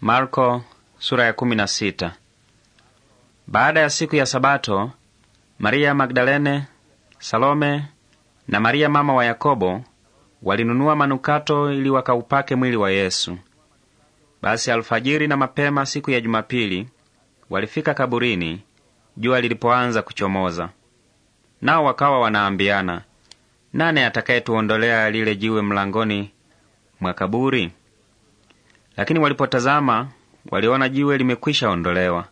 Marko, sura ya kumi na sita. Baada ya siku ya Sabato, Maria Magdalene, Salome na Maria mama wa Yakobo walinunua manukato ili wakaupake mwili wa Yesu. Basi alfajiri na mapema siku ya Jumapili walifika kaburini, jua lilipoanza kuchomoza. Nao wakawa wanaambiana, nani atakayetuondolea lile jiwe mlangoni mwa kaburi? Lakini walipotazama waliona jiwe limekwisha ondolewa,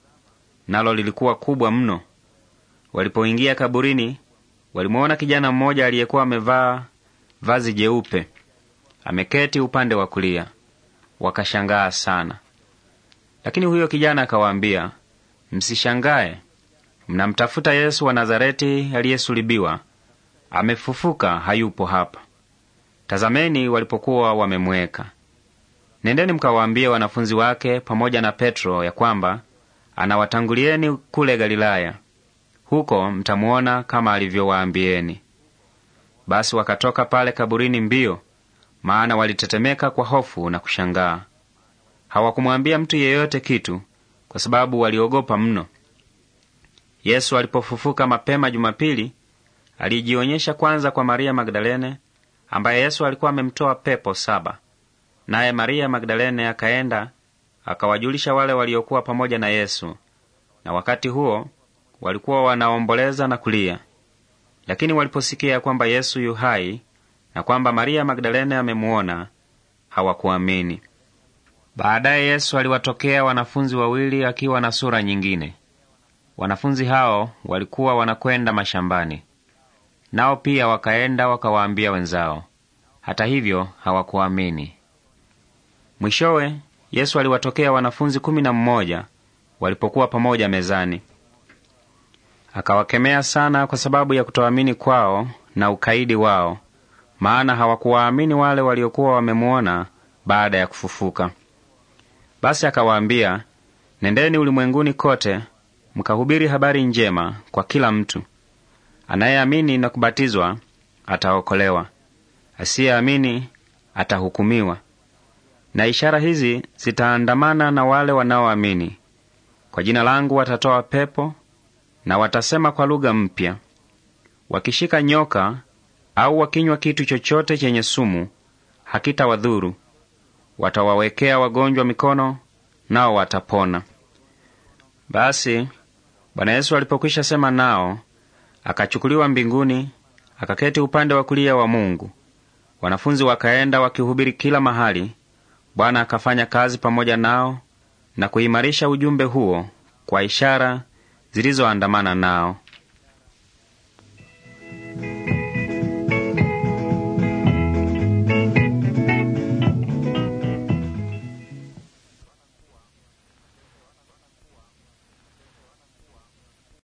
nalo lilikuwa kubwa mno. Walipoingia kaburini, walimwona kijana mmoja aliyekuwa amevaa vazi jeupe ameketi upande wa kulia. Wakashangaa sana. Lakini huyo kijana akawaambia, msishangae. Mnamtafuta Yesu wa Nazareti aliyesulibiwa. Amefufuka, hayupo hapa. Tazameni walipokuwa wamemweka. Nendeni mkawaambie wanafunzi wake pamoja na Petro ya kwamba anawatangulieni kule Galilaya, huko mtamuona kama alivyowaambieni. Basi wakatoka pale kaburini mbio, maana walitetemeka kwa hofu na kushangaa. Hawakumwambia mtu yeyote kitu, kwa sababu waliogopa mno. Yesu alipofufuka mapema Jumapili, alijionyesha kwanza kwa Maria Magdalene, ambaye Yesu alikuwa amemtoa pepo saba. Naye Maria Magdalene akaenda akawajulisha wale waliokuwa pamoja na Yesu. Na wakati huo walikuwa wanaomboleza na kulia, lakini waliposikia kwamba Yesu yu hai na kwamba Maria Magdalene amemuona hawakuamini. Baadaye Yesu aliwatokea wanafunzi wawili akiwa na sura nyingine. Wanafunzi hao walikuwa wanakwenda mashambani, nao pia wakaenda wakawaambia wenzao. Hata hivyo hawakuamini. Mwishowe Yesu aliwatokea wanafunzi kumi na mmoja walipokuwa pamoja mezani, akawakemea sana kwa sababu ya kutoamini kwao na ukaidi wao, maana hawakuwaamini wale waliokuwa wamemuona baada ya kufufuka. Basi akawaambia, nendeni ulimwenguni kote mkahubiri habari njema kwa kila mtu. Anayeamini na kubatizwa ataokolewa, asiyeamini atahukumiwa na ishara hizi zitaandamana na wale wanaoamini. Kwa jina langu watatoa pepo, na watasema kwa lugha mpya. Wakishika nyoka au wakinywa kitu chochote chenye sumu, hakitawadhuru. Watawawekea wagonjwa mikono, nao watapona. Basi Bwana Yesu alipokwisha sema nao, akachukuliwa mbinguni, akaketi upande wa kulia wa Mungu. Wanafunzi wakaenda wakihubiri kila mahali Bwana akafanya kazi pamoja nao na kuimarisha ujumbe huo kwa ishara zilizoandamana nao.